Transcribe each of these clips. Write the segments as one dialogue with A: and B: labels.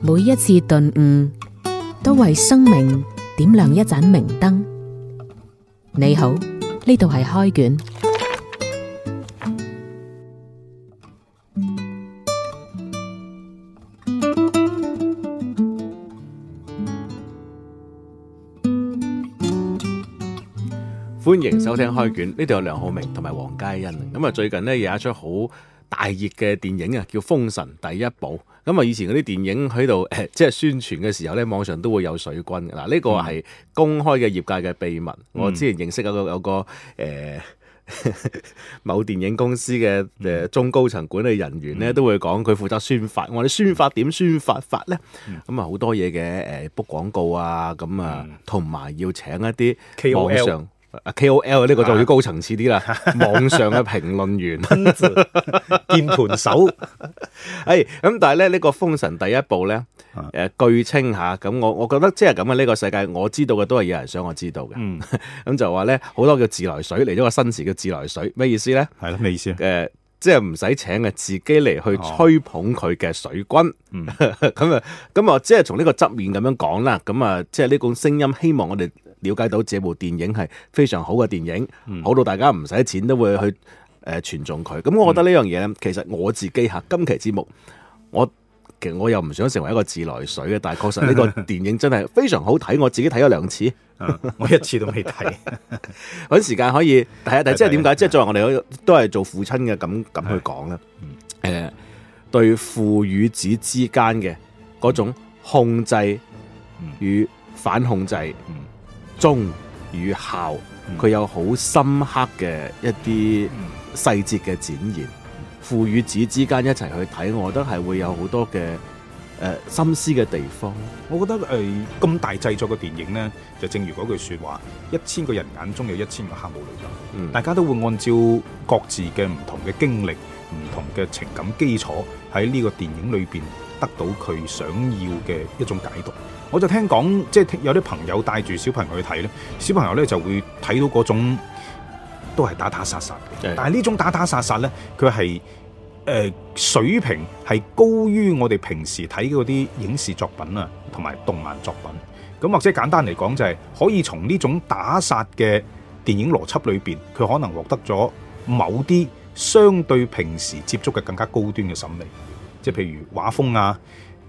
A: 每一次頓悟，都為生命點亮一盞明燈。你好,呢度係開卷，
B: 歡迎收聽開卷。呢度有梁浩明同埋黃佳欣。咁啊，最近呢有一齣好大熱嘅電影啊，叫《封神》第一部。咁啊！以前嗰啲電影喺度誒，即係宣傳嘅時候咧，網上都會有水軍。嗱，呢個係公開嘅業界嘅秘密。嗯、我之前認識有一個有一個誒、呃、某電影公司嘅誒、呃、中高層管理人員咧，都會講佢負責宣發。我哋宣發點宣發法咧？咁啊好多嘢嘅誒 book 廣告啊，咁啊同埋要請一啲網上 K. K O L 呢個就要高層次啲啦，網上嘅評論員、鍵盤手，咁但係咧呢個封神第一部咧，誒，據稱吓，咁我我覺得即係咁嘅呢個世界，我知道嘅都係有人想我知道嘅，咁就話咧好多叫自來水，嚟咗個新詞叫自來水，咩意思咧？係咯，咩意思？誒、嗯呃，即係唔使請嘅，自己嚟去吹捧佢嘅水軍，咁啊、哦，咁啊、嗯，即係從呢個側面咁樣講啦，咁啊，即係呢個聲音，希望我哋。了解到這部電影係非常好嘅電影，好到大家唔使錢都會去誒傳頌佢。咁我覺得呢樣嘢其實我自己嚇今期節目，我其實我又唔想成為一個自來水嘅，但係確實呢個電影真係非常好睇，我自己睇咗兩次，我一次都未睇，揾時間可以睇下，但即係點解，即係作為我哋都係做父親嘅咁咁去講咧。誒，對父與子之間嘅嗰種控制與反控制。忠與孝，佢有好深刻嘅一啲細節嘅展現，父與子之間一齊去睇，我覺得係會有好多嘅
C: 誒心思嘅地方。我覺得誒咁、呃、大製作嘅電影呢，就正如嗰句說話，一千個人眼中有一千個哈姆雷特，大家都會按照各自嘅唔同嘅經歷、唔同嘅情感基礎喺呢個電影裏邊。得到佢想要嘅一種解讀，我就聽講，即係有啲朋友帶住小朋友去睇咧，小朋友咧就會睇到嗰種都係打打殺殺嘅。的但係呢種打打殺殺咧，佢係誒水平係高於我哋平時睇嗰啲影視作品啊，同埋動漫作品。咁或者簡單嚟講，就係可以從呢種打殺嘅電影邏輯裏邊，佢可能獲得咗某啲相對平時接觸嘅更加高端嘅審美。即係譬如畫風啊、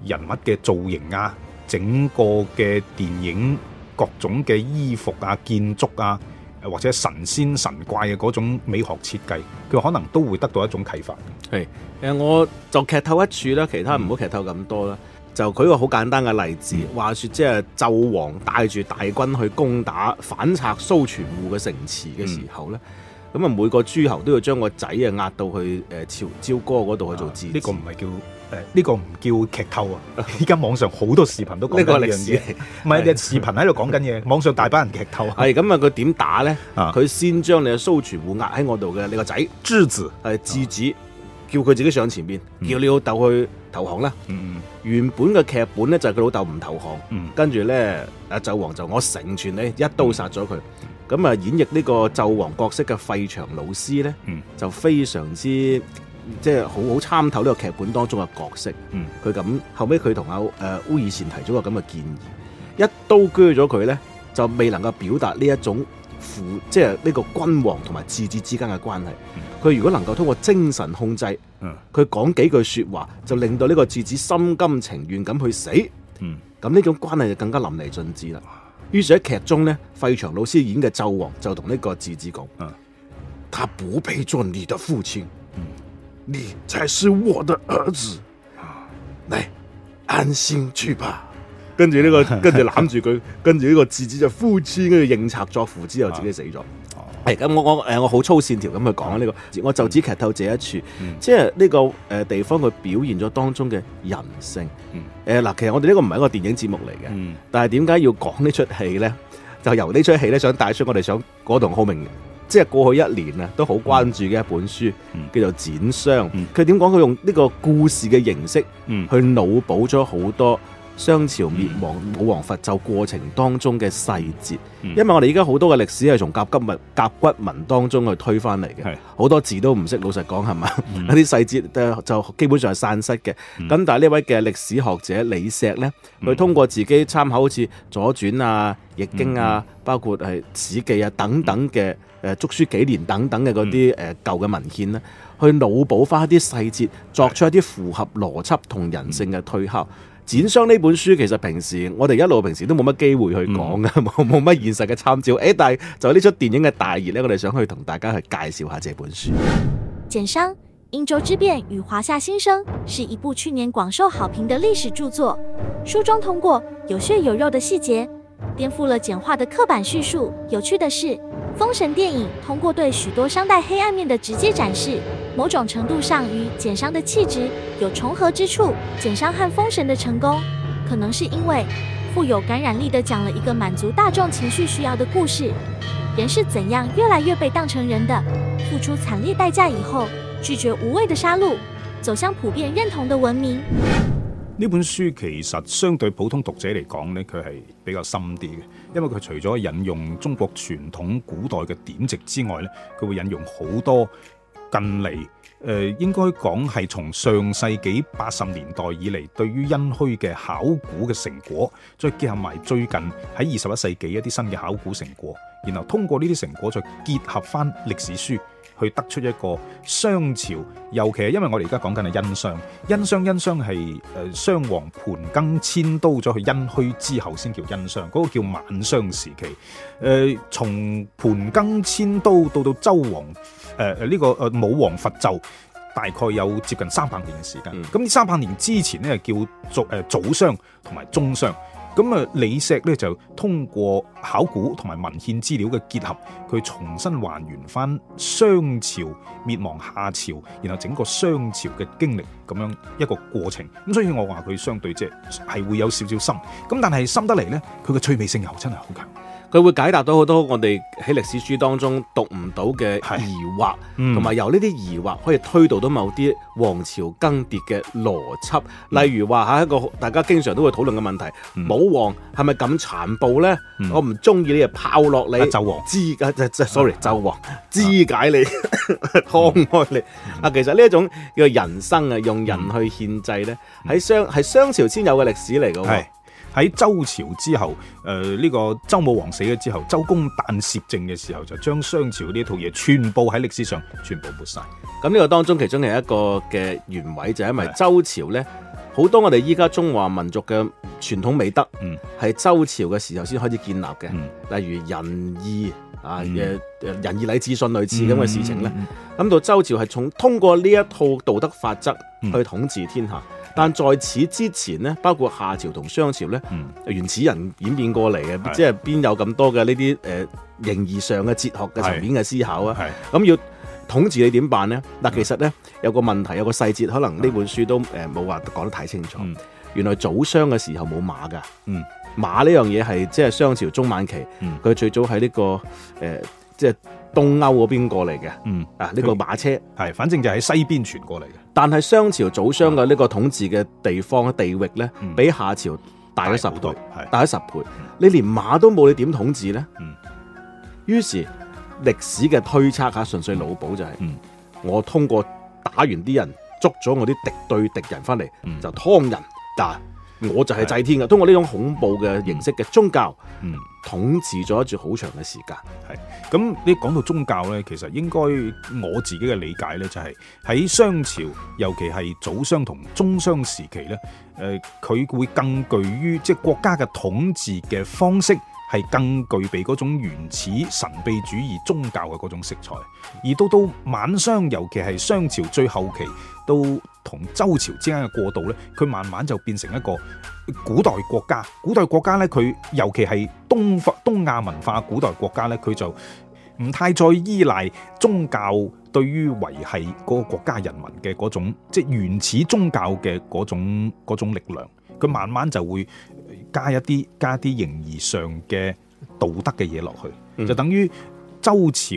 C: 人物嘅造型啊、整個嘅電影各種嘅衣服啊、建築啊，或者神仙神怪嘅嗰種美學設計，佢可能都會得到一種啟發。
B: 係誒，我就劇透一處啦，其他唔好劇透咁多啦。嗯、就舉個好簡單嘅例子，嗯、話說即係紂王帶住大軍去攻打反賊蘇全戶嘅城池嘅時候咧。嗯嗯咁啊，每個諸侯都要將個仔啊壓到去誒，朝朝歌嗰度去做治。呢個唔係叫誒，呢個唔叫劇透啊！依家網上好多視頻都講緊呢個歷史，唔係啲視頻喺度講緊嘢，
C: 網上大班人劇透。
B: 係咁啊，佢點打咧？佢先將你嘅蘇全護壓喺我度嘅，你個仔朱子係質子，叫佢自己上前邊，叫你老豆去投降啦。原本嘅劇本咧就係佢老豆唔投降，跟住咧阿紂王就我成全你，一刀殺咗佢。咁啊，演繹呢個紂王角色嘅費翔老師咧，嗯、就非常之即係好好參透呢個劇本當中嘅角色。嗯，佢咁後尾，佢同阿誒烏爾善提出咗個咁嘅建議，一刀鋸咗佢咧，就未能夠表達呢一種父即係呢個君王同埋智子之間嘅關係。佢、嗯、如果能夠通過精神控制，嗯，佢講幾句說話，就令到呢個智子心甘情願咁去死。嗯，咁呢種關係就更加淋漓盡致啦。於是喺劇中咧，費翔老師演嘅紂王就同呢個質子講：嗯、啊，他不配做你的父親，嗯，
A: 你
B: 才是我的兒子，你、啊、安心去吧。跟住呢、這個，跟住攬住佢，跟住呢個質子就哭泣，跟住認賊作父之後，自己死咗。啊係咁，我我誒，我好粗線條咁去講呢個，我就只劇透這一處，嗯、即係呢、這個誒、呃、地方，佢表現咗當中嘅人性。誒嗱、嗯呃，其實我哋呢個唔係一個電影節目嚟嘅，嗯、但係點解要講呢出戲咧？就由戲呢出戲咧，想帶出我哋想嗰同浩明，即係過去一年啊都好關注嘅一本書，嗯、叫做《翦商》嗯。佢點講？佢用呢個故事嘅形式去腦補咗好多。商朝滅亡、武王伐紂過程當中嘅細節，因為我哋而家好多嘅歷史係從甲骨文、甲骨文當中去推翻嚟嘅，好多字都唔識，老實講係嘛？有啲、嗯、細節就基本上係散失嘅。咁、嗯、但係呢位嘅歷史學者李碩呢，佢通過自己參考好似《左傳》啊、《易經》啊，嗯、包括係、啊《史記》啊等等嘅誒竹書紀年等等嘅嗰啲誒舊嘅文獻呢去腦補翻一啲細節，作出一啲符合邏輯同人性嘅推敲。《翦商》呢本書其實平時我哋一路平時都冇乜機會去講、嗯、沒冇冇乜現實嘅參照。誒、欸，但係就係呢出電影嘅大熱，我哋想去同大家去介紹下這本書。
A: 《翦商：殷周之變與華夏新生》是一部去年廣受好評的歷史著作。書中通過有血有肉的細節，顛覆了簡化的刻板敘述。有趣的是，《封神》電影通過對許多商代黑暗面的直接展示，某種程度上與翦商的氣質有重合之處。翦商和封神的成功，可能是因為富有感染力地講了一個滿足大眾情緒需要的故事。人是怎樣越來越被當成人的？付出慘烈代價以後，拒絕無謂的殺戮，走向普遍認同的文明。
C: 呢本書其實相對普通讀者嚟講呢，佢係比較深啲嘅，因為佢除咗引用中國傳統古代嘅典籍之外呢，佢會引用好多。近嚟，誒、呃、應該講係從上世紀八十年代以嚟，對於殷墟嘅考古嘅成果，再結合埋最近喺二十一世紀一啲新嘅考古成果，然後通過呢啲成果再結合翻歷史書，去得出一個商朝，尤其係因為我哋而家講緊係殷商，殷、嗯、商殷商係誒、呃、商王盤庚遷都咗去殷墟之後先叫殷商，嗰、那個叫晚商時期。誒、呃，從盤庚遷都到到周王誒誒呢個誒、呃、武王伐紂，大概有接近三百年嘅時間。咁呢三百年之前咧，叫做誒早、呃、商同埋中商。咁啊，李石咧就通過考古同埋文獻資料嘅結合，佢重新還原返商朝滅亡夏朝，然後整個商朝嘅經歷咁樣一個過程。咁所以我話佢相對即係係會有少少深，咁但係深得嚟咧，佢嘅趣味性又真係好強。佢會解答到好多我哋喺歷史書當中讀唔到嘅疑惑，同
A: 埋、嗯、
B: 由呢啲疑惑可以推導到某啲王朝更迭嘅邏輯。嗯、例如話一個大家經常都會討論嘅問題，武、嗯、王係咪咁殘暴咧？嗯、我唔中意你，就炮烙你。紂王肢解自、啊、，sorry，紂、啊、王肢解你，劏、嗯、 開你。啊，其實呢一種人牲啊，用人去獻祭咧，喺商
C: 係商朝先有嘅歷史嚟嘅。喺周朝之後，誒、呃、呢、這個周武王死咗之後，周公旦攝政嘅時候，就將商朝呢一套嘢全部喺歷史上全部抹晒。咁
B: 呢個當中，其中嘅一個嘅原委就係因為周朝呢，好的多我哋依家中華民族嘅傳統美德，嗯，係周朝嘅時候先開始建立嘅，嗯、例如仁義、嗯、啊，仁義禮智信類似咁嘅事情呢咁、嗯嗯、到周朝係從通過呢一套道德法則去統治天下。嗯嗯但在此之前咧，包括夏朝同商朝咧，嗯、原始人演變過嚟嘅，是即係邊有咁多嘅呢啲誒形而上嘅哲學嘅層面嘅思考啊？咁要統治你點辦咧？嗱、嗯，其實咧有個問題，有個細節，可能呢本書都誒冇話講得太清楚。嗯、原來早商嘅時候冇馬噶，嗯、馬呢樣嘢係即係商朝中晚期，佢、嗯、最早喺呢個誒、呃、即係東歐嗰邊過嚟嘅。嗯、啊，呢個馬車係，反正就喺西邊傳過嚟嘅。但係商朝早商嘅呢個統治嘅地方嘅、嗯、地域呢，比夏朝大咗十倍，大咗十倍。嗯、你連馬都冇，你點統治呢？於、嗯、是歷史嘅推測下，純粹腦補就係、是，嗯、我通過打完啲人，捉咗我啲敵對敵人翻嚟，嗯、就劏人嗱，嗯、我就係祭天嘅。嗯、通過呢種恐怖嘅形式嘅宗教。嗯嗯嗯統
C: 治咗一住好長嘅時間，係咁你講到宗教呢，其實應該我自己嘅理解呢、就是，就係喺商朝，尤其係早商同中商時期呢，誒、呃、佢會更具於即係國家嘅統治嘅方式係更具備嗰種原始神秘主義宗教嘅嗰種色彩，而到到晚商，尤其係商朝最後期到。同周朝之間嘅過渡呢，佢慢慢就變成一個古代國家。古代國家呢，佢尤其係東方、東亞文化古代國家呢，佢就唔太再依賴宗教對於維繫嗰個國家人民嘅嗰種即係、就是、原始宗教嘅嗰種嗰種力量。佢慢慢就會加一啲加啲形而上嘅道德嘅嘢落去，就等於周朝。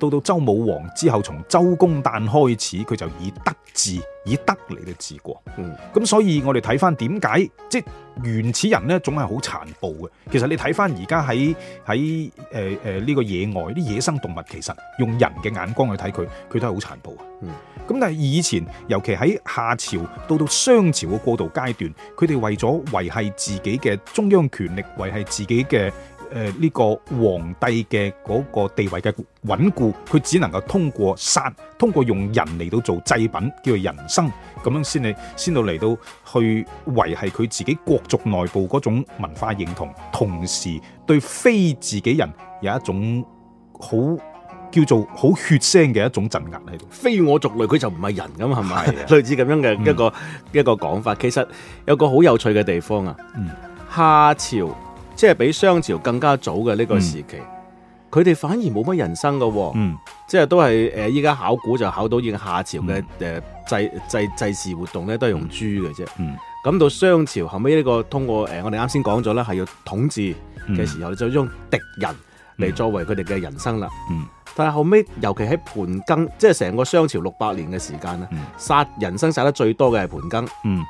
C: 到到周武王之後，從周公旦開始，佢就以德治，以德嚟嘅治國。嗯，咁所以我哋睇翻點解，即原始人呢，總係好殘暴嘅。其實你睇翻而家喺喺誒誒呢個野外啲野生動物，其實用人嘅眼光去睇佢，佢都係好殘暴呀。嗯，咁但係以前，尤其喺夏朝到到商朝嘅過渡階段，佢哋為咗維繫自己嘅中央權力，維繫自己嘅。誒，呢、呃這個皇帝嘅嗰個地位嘅穩固，佢只能夠通過殺，通過用人嚟到做祭品，叫做人牲，咁樣先至先到嚟到去維繫佢自己國族內部嗰種文化認同，同時對非自己人有一種好叫做好血腥嘅一種鎮壓喺度。
B: 非我族類，佢就唔係人㗎嘛，係咪？ 類似咁樣嘅一個、嗯、一個講法。其實有個好有趣嘅地方啊，嗯，夏朝，即係比商朝更加早嘅呢個時期，佢哋、嗯、反而冇乜人牲嘅、哦，嗯，即係都係誒，依、呃、家考古就考到已經夏朝嘅誒、嗯呃、祭祭祭祀活動咧，都係用豬嘅啫，嗯，咁到商朝後尾呢個通過誒、呃，我哋啱先講咗啦，係要統治嘅時候、嗯、就用敵人嚟作為佢哋嘅人牲啦，嗯，但係後尾，尤其喺盤庚，即係成個商朝六百年嘅時間咧，嗯、殺人牲殺得最多嘅係盤庚，嗯。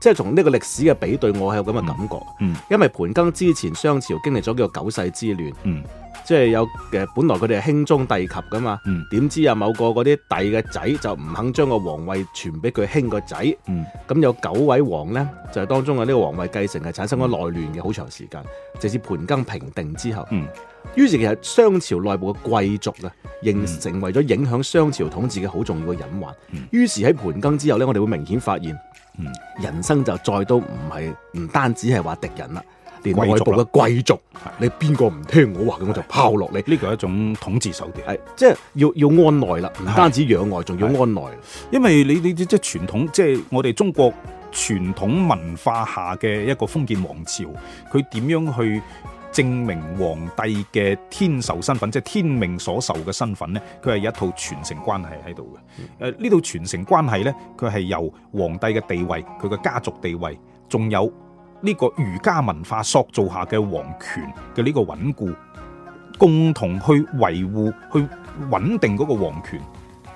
B: 即係從呢個歷史嘅比對，我係有咁嘅感覺。嗯，因為盤庚之前商朝經歷咗叫做九世之亂。嗯，即係有誒本來佢哋係兄終弟及噶嘛。嗯，點知啊某個嗰啲弟嘅仔就唔肯將個皇位傳俾佢兄個仔。嗯，咁有九位王呢，就係、是、當中嘅呢個皇位繼承係產生咗內亂嘅好長時間。直至盤庚平定之後，嗯，於是其實商朝內部嘅貴族咧，仍成為咗影響商朝統治嘅好重要嘅隱患。嗯，於是喺盤庚之後呢，我哋會明顯發現。嗯，人牲就再都唔係唔單止係話敵人啦，連外部嘅貴族，貴族的你邊個唔
C: 聽我話嘅我就拋落你。呢個係一種統治手段，係即係要要安內啦，唔單止攘外，仲要安內。因為你你即係傳統，即係我哋中國傳統文化下嘅一個封建王朝，佢點樣去？證明皇帝嘅天授身份，即係天命所受嘅身份呢，佢係有一套傳承關係喺度嘅。誒、呃，呢套傳承關係呢，佢係由皇帝嘅地位、佢嘅家族地位，仲有呢個儒家文化塑造下嘅皇權嘅呢個穩固，共同去維護、去穩定嗰個皇權。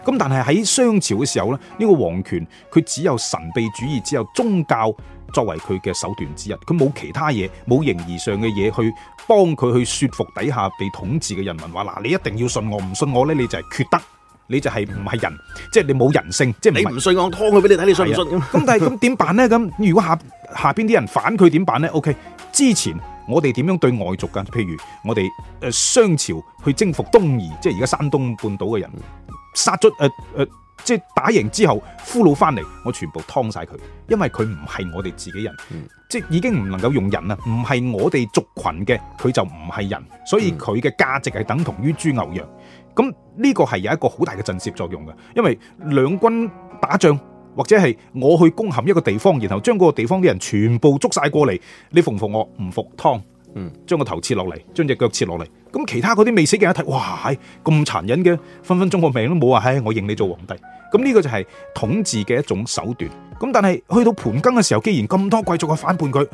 C: 咁但係喺商朝嘅時候呢，呢、呢個皇權佢只有神秘主義，只有宗教。作為佢嘅手段之一，佢冇其他嘢，冇形而上嘅嘢去幫佢去説服底下被統治嘅人民，話嗱你一定要信我，唔信我咧你就係缺德，你就係唔係人，即係你冇人性，即係你唔信我，我拖佢俾你睇 你信唔信咁？ 但係咁點辦咧？咁如果下下邊啲人反佢點辦咧？OK，之前我哋點樣對外族㗎？譬如我哋誒商朝去征服東夷，即係而家山東半島嘅人，殺咗誒誒。呃呃即係打贏之後俘虜翻嚟，我全部劏晒佢，因為佢唔係我哋自己人，即係已經唔能夠用人啦，唔係我哋族群嘅，佢就唔係人，所以佢嘅價值係等同於豬牛羊，咁呢個係有一個好大嘅震懾作用嘅，因為兩軍打仗，或者係我去攻陷一個地方，然後將嗰個地方啲人全部捉晒過嚟，你服唔服？我唔服劏。嗯，將個頭切落嚟，將隻腳切落嚟，咁其他嗰啲未死嘅一睇，哇，咁殘忍嘅，分分鐘個命都冇啊，哎！我認你做皇帝，咁呢個就係統治嘅一種手段。咁但係去到盤庚嘅時候，既然咁多貴族去反叛佢，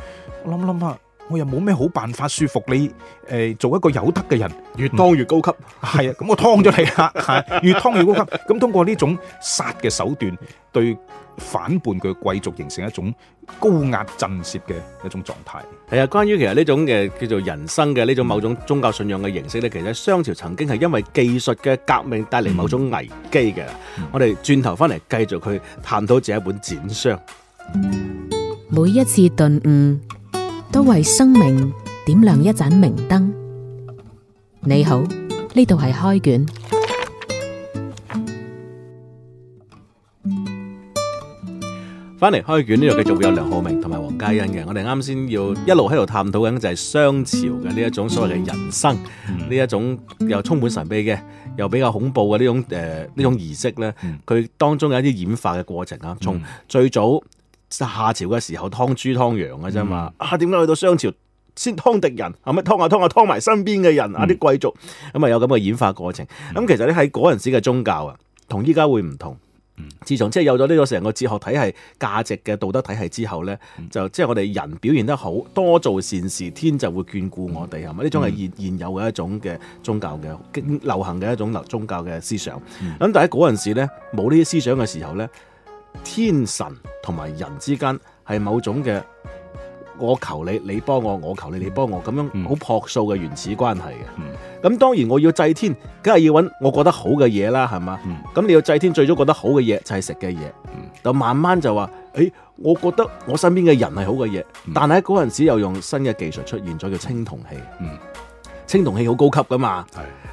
C: 我諗諗下。我又冇咩好辦法說服你，誒、呃，做一個有德嘅人，越劏越高級，係、嗯、啊，咁我劏咗你啊，係，越劏越高級。咁通過呢種殺嘅手段，對反叛嘅貴族形成一種高壓震懾嘅一種狀態。
B: 係啊、嗯，關於其實呢種嘅叫做人牲嘅呢種某種宗教信仰嘅形式咧，其實商朝曾經係因為技術嘅革命帶嚟某種危機嘅。嗯、我哋轉頭翻嚟繼續去探討住一本《翦商》。
A: 每一次頓悟。都為生命點亮一盞明燈。你好，呢度係開卷。
B: 返嚟開卷呢度繼續會有梁浩明同埋黃嘉欣嘅。我哋啱先要一路喺度探討緊就係商朝嘅呢一種所謂嘅人牲，呢一種又充滿神秘嘅，又比較恐怖嘅呢種誒呢、呃、種儀式咧。佢當中有一啲演化嘅過程啊，從最早。夏朝嘅時候，湯豬湯羊嘅啫嘛，嗯、啊，點解去到商朝先湯敵人，係咪湯下湯下湯埋身邊嘅人、嗯、啊啲貴族，咁啊，有咁嘅演化過程。咁、嗯、其實咧喺嗰陣時嘅宗教啊，同依家會唔同。嗯、自從即係有咗呢個成個哲學體系、價值嘅道德體系之後咧、嗯，就即、是、係我哋人表現得好多做善事，天就會眷顧我哋，係咪、嗯？呢種係現現有嘅一種嘅宗教嘅流行嘅一種宗教嘅思想。咁、嗯、但係喺嗰陣時咧，冇呢啲思想嘅時候咧。天神同埋人之間係某種嘅，我求你，你幫我；我求你，你幫我。咁樣好朴素嘅原始關係嘅。咁、嗯、當然我要祭天，梗係要揾我覺得好嘅嘢啦，係嘛？咁、嗯、你要祭天，最早覺得好嘅嘢就係食嘅嘢。嗯、就慢慢就話，誒、欸,我覺得我身邊嘅人係好嘅嘢。嗯、但係嗰陣時候又用新嘅技術出現咗叫青銅器。青銅、嗯、器好高級噶嘛？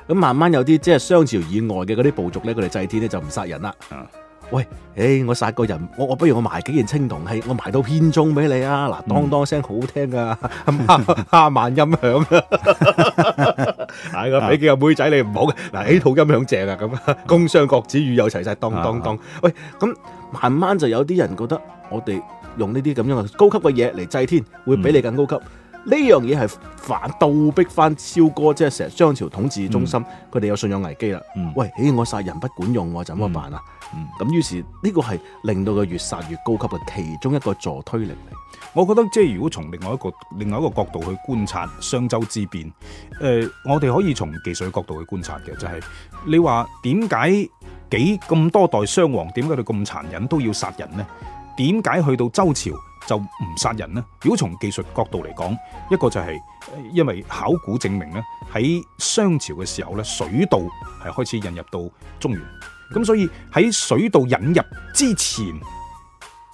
B: 咁的慢慢有啲即係商朝以外嘅嗰啲部族咧，佢哋祭天咧就唔殺人啦。啊喂，誒，我殺個人，我我不如我埋幾件青銅器，我埋到編鐘俾你啊！嗱，當當聲好聽噶，哈曼音響啊，係咁，俾幾個妹仔你唔好嘅，嗱，呢套音響正啊，咁宮商角徵羽，有齊曬，當當當，喂，咁慢慢就有啲人覺得我哋用呢啲咁樣嘅高級嘅嘢嚟祭天，會比你更高級，呢樣嘢係反倒逼翻朝歌，即係成商朝統治中心，佢哋有信仰危機啦。喂，誒，我殺人不管用，我怎麼辦啊？嗯，
C: 咁於是呢個係令到佢越殺越高級嘅其中一個助推力嚟。我覺得即係如果從另外一個另外一個角度去觀察商周之變，誒、呃，我哋可以從技術角度去觀察嘅，就係、是、你話點解幾咁多代商王點解佢咁殘忍都要殺人呢？點解去到周朝就唔殺人呢？如果從技術角度嚟講，一個就係因為考古證明呢喺商朝嘅時候呢水稻係開始引入到中原。咁所以喺水稻引入之前，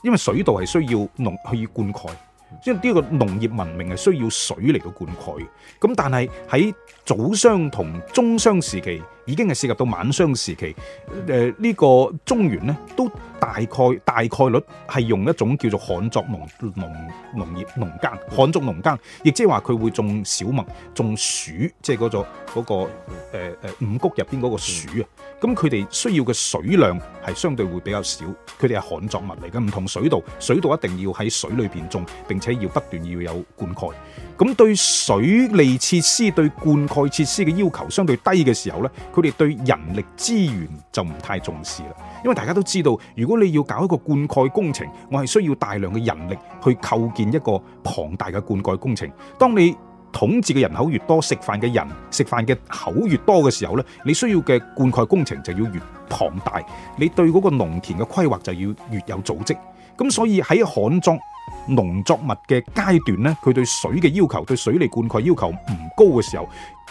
C: 因為水稻係需要農去灌溉，即係呢個農業文明係需要水嚟到灌溉嘅。咁但係喺早商同中商時期，已經係涉及到晚商時期，誒、呃、呢、呢個中原咧都。大概，大概率係用一種叫做旱作農農農業農耕，旱作農耕，亦即係話，佢會種小麥種薯，即係嗰個嗰個誒誒、呃、五谷入邊嗰個薯啊。咁佢哋需要嘅水量係相對會比較少，佢哋係旱作物嚟嘅，唔同水稻，水稻一定要喺水裏邊種，並且要不斷要有灌溉。咁對水利設施、對灌溉設施嘅要求相對低嘅時候咧，佢哋對人力資源就唔太重視啦。因為大家都知道，如果如果你要搞一個灌溉工程，我係需要大量嘅人力去構建一個龐大嘅灌溉工程。當你統治嘅人口越多，食飯嘅人食飯嘅口越多嘅時候咧，你需要嘅灌溉工程就要越龐大。你對嗰個農田嘅規劃就要越有組織。咁所以喺旱作農作物嘅階段咧，佢對水嘅要求對水利灌溉要求唔高嘅時候。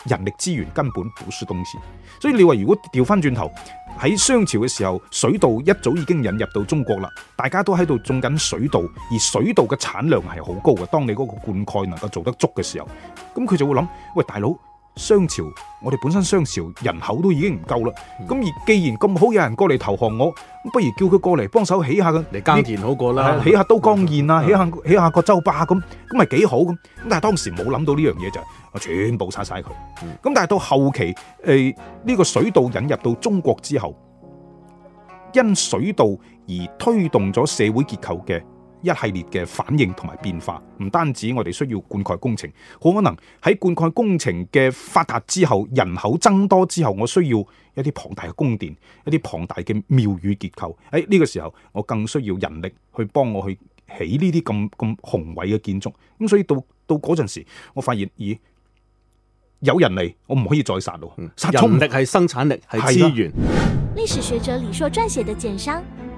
C: 人力資源根本不足東西，所以你話如果掉返轉頭喺商朝嘅時候，水稻一早已經引入到中國啦，大家都喺度種緊水稻，而水稻嘅產量係好高嘅，當你嗰個灌溉能夠做得足嘅時候，咁佢就會諗，喂大佬。商朝，我哋本身商朝人口都已經唔夠啦，咁、嗯、而既然咁好有人過嚟投降我，咁不如叫佢過嚟幫手起下你嚟耕田好過啦，啊，起下都江堰啊，嗯、起下起下葛洲壩咁，咁咪幾好咁，但係當時冇諗到呢樣嘢就係，我全部殺晒佢，咁但係到後期誒呢、欸這個水稻引入到中國之後，因水稻而推動咗社會結構嘅一系列嘅反應同埋變化，唔單止我哋需要灌溉工程，好，可能喺灌溉工程嘅發達之後，人口增多之後，我需要一啲龐大嘅宮殿，一啲龐大嘅廟宇結構。喺、哎、呢、這個時候，我更需要人力去幫我去起呢啲咁咁宏偉嘅建築。咁、嗯、所以到到嗰陣時，我發現，咦，有人嚟，我唔可以再殺咯，殺力係生產力，係資源。
A: 的歷史學者李碩撰寫的《翦商》。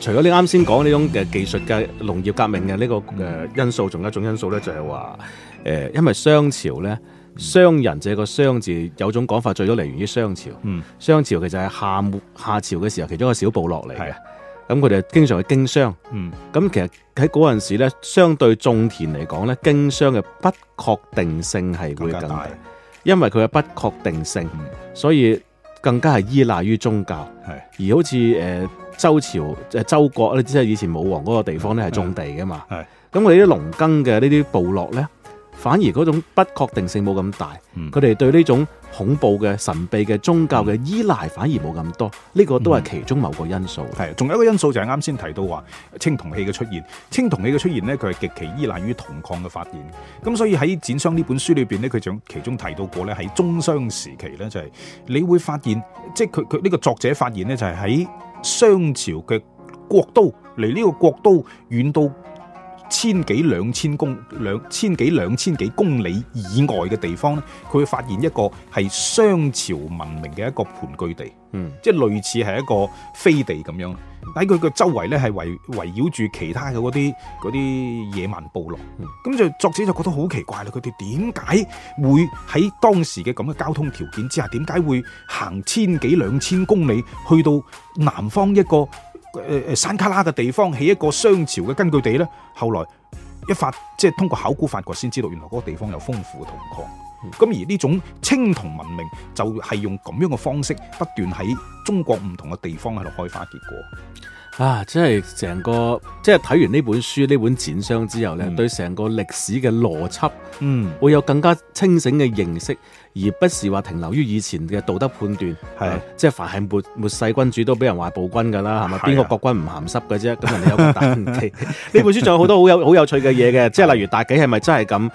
B: 除咗你啱先講呢種嘅技術嘅農業革命嘅呢個嘅因素，仲有一種因素咧就係、是、話，誒、呃，因為商朝咧，商人這個商字有種講法，最早嚟源於商朝。嗯。商朝其實係夏末夏朝嘅時候，其中一個小部落嚟嘅。係啊是。咁佢哋經常去經商。嗯。咁其實喺嗰陣時咧，相對種田嚟講咧，經商嘅不確定性係會更大，因為佢嘅不確定性，嗯、所以。更加係依賴於宗教，而好似誒、呃、周朝誒、呃、周國咧，即係以前武王嗰個地方咧，係種地嘅嘛。咁我哋啲農耕嘅呢啲部落咧。反而嗰種不確定性冇咁大，佢哋對呢種恐怖嘅神秘嘅
C: 宗教嘅依賴反而冇咁多，呢、這個都係其中某個因素。係、嗯，仲、嗯、有一個因素就係啱先提到話青銅器嘅出現，青銅器嘅出現呢，佢係極其依賴於銅礦嘅發現。咁所以喺《翦商》呢本書裏邊呢，佢仲其中提到過咧，喺中商時期呢，就係、是、你會發現，即係佢佢呢個作者發現呢，就係、是、喺商朝嘅國都，離呢個國都遠到。千幾兩千公兩千幾兩千幾公里以外嘅地方咧，佢會發現一個係商朝文明嘅一個盤踞地，嗯，即係類似係一個飛地咁樣。喺佢嘅周圍咧，係圍圍繞住其他嘅嗰啲啲野蠻部落，咁、嗯、就作者就覺得好奇怪啦。佢哋點解會喺當時嘅咁嘅交通條件之下，點解會行千幾兩千公里去到南方一個誒誒，山卡拉嘅地方起一個商朝嘅根據地呢，後來一發，即係通過考古發掘先知道，原來嗰個地方有豐富嘅銅礦。咁、嗯、而呢種青銅文明就係用咁樣嘅方式，不斷喺中國唔同嘅地方喺度開花結果。啊！即係
B: 成個，即係睇完呢本書，呢本翦商之後咧，對成個歷史嘅邏輯，嗯，會有更加清醒嘅認識，而不是話停留於以前嘅道德判斷。係，即係凡係末末世君主都俾人話暴君噶啦，係咪？邊個國君唔咸濕嘅啫？咁人哋有。呢本書仲有好多好有好有趣嘅嘢嘅，即係例如大忌係咪真係咁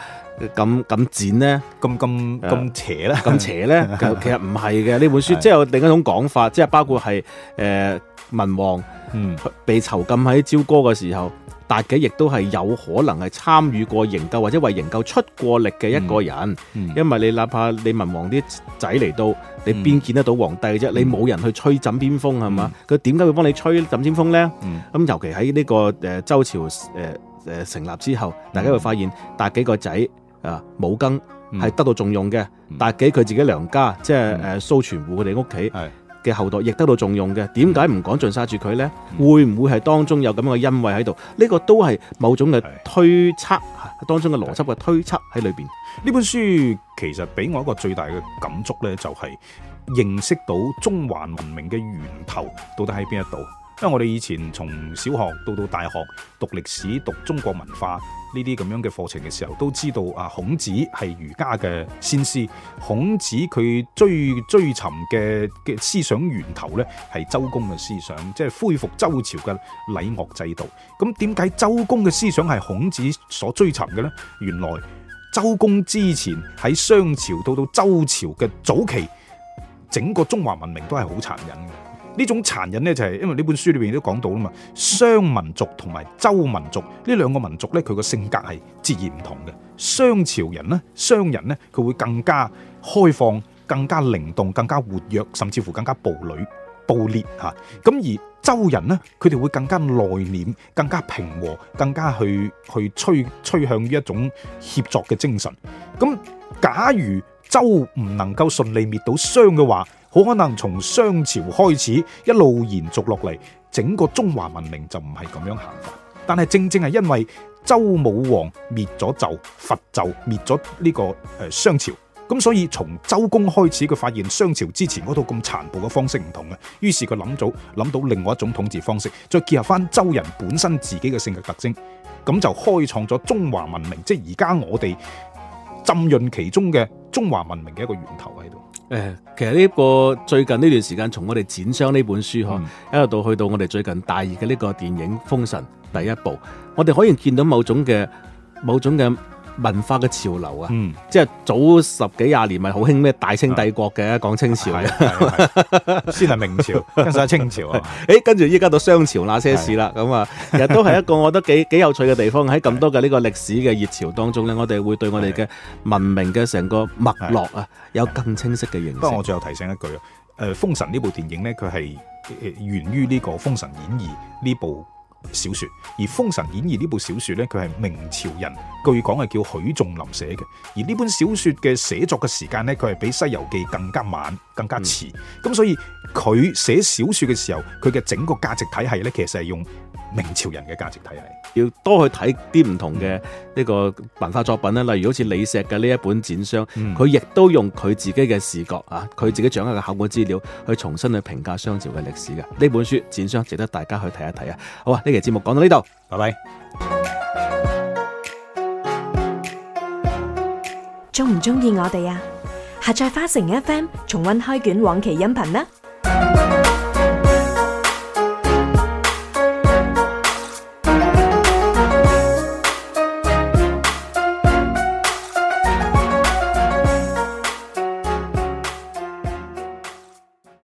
B: 咁咁剪呢？咁咁咁邪咧？咁邪咧？其實唔係嘅，呢本書即係有另一種講法，即係包括係誒文王。嗯，被囚禁喺朝歌嘅時候，妲己亦都係有可能係參與過營救或者為營救出過力嘅一個人。嗯嗯，因為你哪怕你文王啲仔嚟到你邊見得到皇帝嘅啫？嗯、你冇人去吹枕邊風係嘛？佢點解會幫你吹枕邊風咧？咁、嗯、尤其喺呢、這個誒、呃、周朝誒誒、呃呃、成立之後，大家會發現妲己個仔啊武庚係得到重用嘅，妲己佢自己娘家即係誒蘇全戶佢哋屋企嘅後代亦得到重用嘅，點解唔趕盡殺住佢呢？嗯、會唔會係當中有咁樣嘅恩惠喺度？呢、這個都係某種嘅推測，的當中嘅邏輯嘅推測
C: 喺裏邊。呢的本書其實俾我一個最大嘅感觸呢，就係認識到中華文明嘅源頭到底喺邊一度。因為我哋以前從小學到到大學讀歷史、讀中國文化呢啲咁樣嘅課程嘅時候，都知道啊，孔子係儒家嘅先師。孔子佢追追尋嘅嘅思想源頭呢，係周公嘅思想，即係恢復周朝嘅禮樂制度。咁點解周公嘅思想係孔子所追尋嘅呢？原來周公之前喺商朝到到周朝嘅早期，整個中華文明都係好殘忍嘅。呢種殘忍呢、就是，就係因為呢本書裏邊都講到啦嘛，商民族同埋周民族呢兩個民族呢，佢個性格係截然唔同嘅。商朝人呢，商人呢，佢會更加開放、更加靈動、更加活躍，甚至乎更加暴戾、暴裂。嚇、啊。咁而周人呢，佢哋會更加內斂、更加平和、更加去去趨趨向於一種協作嘅精神。咁、啊、假如周唔能夠順利滅到商嘅話，好可能從商朝開始一路延續落嚟，整個中華文明就唔係咁樣行法。但係正正係因為周武王滅咗紂，伐紂滅咗呢、這個誒、呃、商朝，咁所以從周公開始，佢發現商朝之前嗰套咁殘暴嘅方式唔同於，於是佢諗到諗到另外一種統治方式，再結合翻周人本身自己嘅性格特徵，咁就開創咗中華文明，即係而家我哋浸潤其中嘅中華文明嘅一個源頭喺度。其實呢個
B: 最近呢段時間，從我哋《剪商》呢本書，嚇、嗯、一路到去到我哋最近大二嘅呢個電影《封神》第一部，我哋可以見到某種的某種嘅。文化嘅潮流啊，嗯，即係早十幾廿年咪好興咩大清帝國嘅，講清朝，先係明朝，跟住喺清朝，誒，跟住依家到商朝那些事啦，咁啊，其實都係一個我覺得幾幾有趣嘅地方。喺咁多嘅呢個歷史嘅熱潮當中咧，我哋會對
C: 我哋嘅文明嘅成個脈絡啊，有更清晰嘅認識。不過我最後提醒一句啊，誒，《封神》呢部電影咧，佢係源於呢個《封神演義》呢部。小說。而《封神演義》呢部小說呢，佢係明朝人，據講係叫許仲林寫嘅。而呢本小說嘅寫作嘅時間呢，佢係比《西遊記》更加晚，更加遲。咁所以佢寫小說嘅時候，佢嘅整個價值體系呢，其實係用。明朝人嘅價值體系，要多去睇啲唔同嘅呢個文化作品啦，例如好
B: 似李碩嘅呢一本《翦商》，嗯，佢亦都用佢自己嘅視覺啊，佢自己掌握嘅考古資料去重新去評價商朝嘅歷史㗎。呢本書《翦商》值得大家去睇一睇啊！好啊，呢期節目講到呢度，拜拜。
A: 鍾唔鍾意我哋啊？下載花城 FM，重温開卷往期音頻啦！